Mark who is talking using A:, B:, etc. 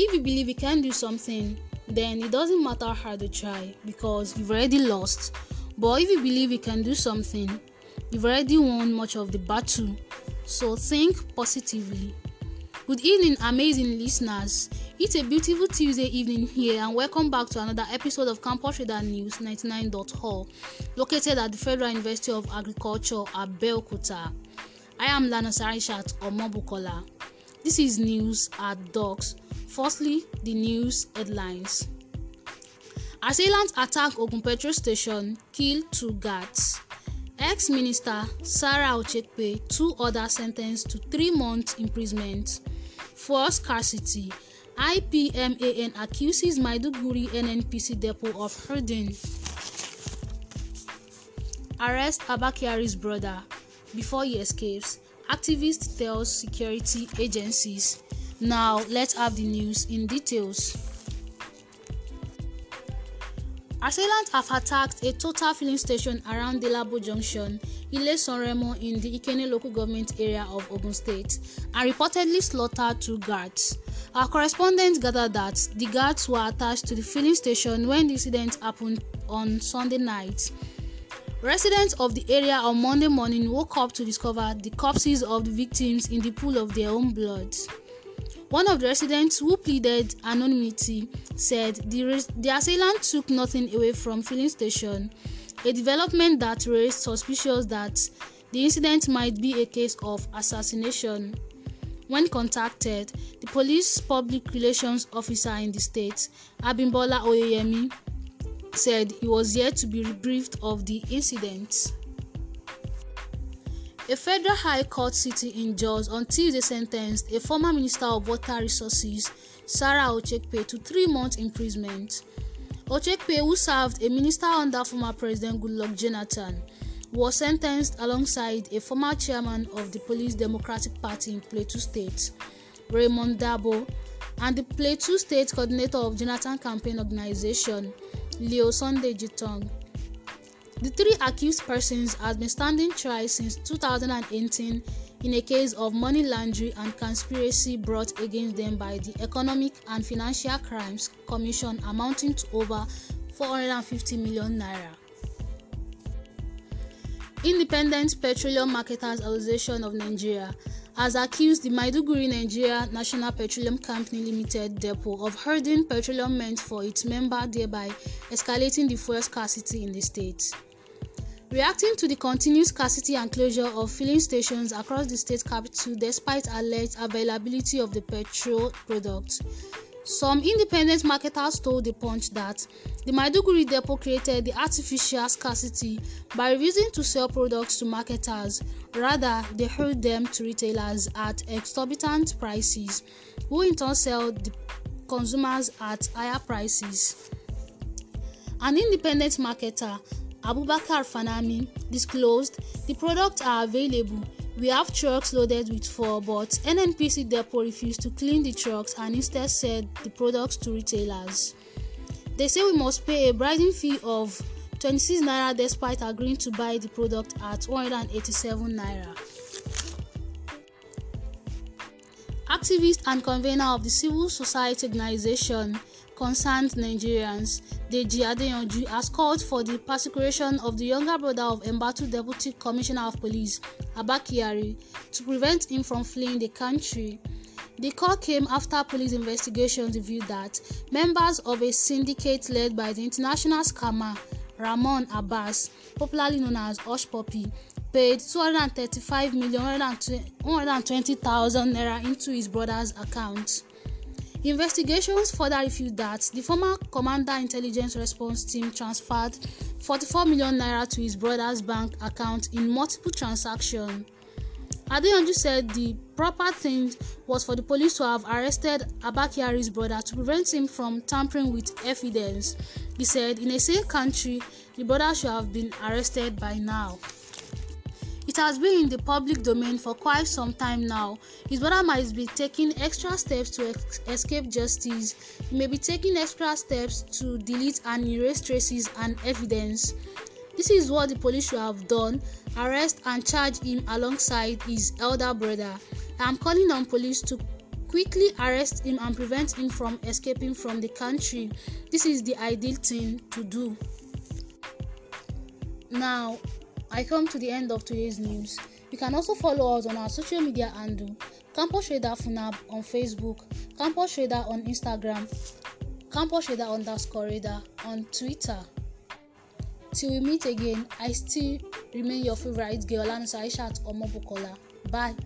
A: If you believe you can do something, then it doesn't matter how to try because you've already lost. But if you believe you can do something, you've already won much of the battle. So think positively. Good evening, amazing listeners. It's a beautiful Tuesday evening here, and welcome back to another episode of Campus Radar News 99.hall, located at the Federal University of Agriculture at Belkuta. I am Lana Sarishat Omobukola. This is news at Docs Firstly, the news headlines. Assailant attack Ogun petrol station, kill two guards. Ex-minister Sarah Ochekpe, two others sentenced to three months imprisonment. Fuel scarcity. IPMAN accuses Maiduguri NNPC depot of hoarding. Arrest Abakiari's brother before he escapes, activist tells security agencies. Now let's have the news in details. Assailants have attacked a total filling station around Delabo Junction, Ile Sanremo in the Ikene local government area of Ogun State and reportedly slaughtered two guards. Our correspondents gathered that the guards were attached to the filling station when the incident happened on Sunday night. Residents of the area on Monday morning woke up to discover the corpses of the victims in the pool of their own blood. One of the residents who pleaded anonymity said the, res- the assailant took nothing away from filling station, a development that raised suspicions that the incident might be a case of assassination. When contacted, the police public relations officer in the state, Abimbola Oyemi, said he was yet to be briefed of the incident. A federal high court sitting in Jos on Tuesday sentenced a former minister of water resources, Sarah Ochekpe, to three months imprisonment. Ochekpe, who served a minister under former President Goodluck Jonathan, was sentenced alongside a former chairman of the Police Democratic Party in Plateau State, Raymond Dabo, and the Plateau State coordinator of Jonathan Campaign Organization, Leo Sunday Jitong. The three accused persons have been standing trial since 2018 in a case of money laundering and conspiracy brought against them by the Economic and Financial Crimes Commission amounting to over 450 million naira. Independent Petroleum Marketers Association of Nigeria has accused the Maiduguri Nigeria National Petroleum Company Limited depot of hoarding petroleum meant for its member, thereby escalating the fuel scarcity in the state. Reacting to the continuous scarcity and closure of filling stations across the state capital despite alleged availability of the petrol product, some independent marketers told The Punch that the Maiduguri depot created the artificial scarcity by refusing to sell products to marketers. Rather, they hurried them to retailers at exorbitant prices, who in turn sell the consumers at higher prices. An independent marketer Abubakar Fanami, disclosed the products are available. We have trucks loaded with four, but NNPC Depot refused to clean the trucks and instead sent the products to retailers. They say we must pay a bribing fee of 26 naira despite agreeing to buy the product at 187 naira. activist and convener of the civil society organization Concerned Nigerians, Deji Adeyanju, has called for the persecution of the younger brother of embattled Deputy Commissioner of Police, Abba to prevent him from fleeing the country. The call came after police investigations revealed that members of a syndicate led by the international scammer Ramon Abbas, popularly known as Hush Puppy, paid 235 million 120 thousand naira into his brother's account. Investigations further revealed that the former Commander Intelligence Response Team transferred 44 million naira to his brother's bank account in multiple transactions. Adeyanju said the proper thing was for the police to have arrested Abakiari's brother to prevent him from tampering with evidence. He said, in a safe country, the brother should have been arrested by now. has been in the public domain for quite some time now. His brother might be taking extra steps to ex- escape justice. He may be taking extra steps to delete and erase traces and evidence. This is what the police should have done arrest and charge him alongside his elder brother. I am calling on police to quickly arrest him and prevent him from escaping from the country. This is the ideal thing to do. Now, I come to the end of today's news. You can also follow us on our social media handle Campus Trader Funab on Facebook, Campus Trader on Instagram, Campus Trader underscore Radar on Twitter. Till we meet again, I still remain your favorite girl, Anusa Aishat Omobukola. Bye.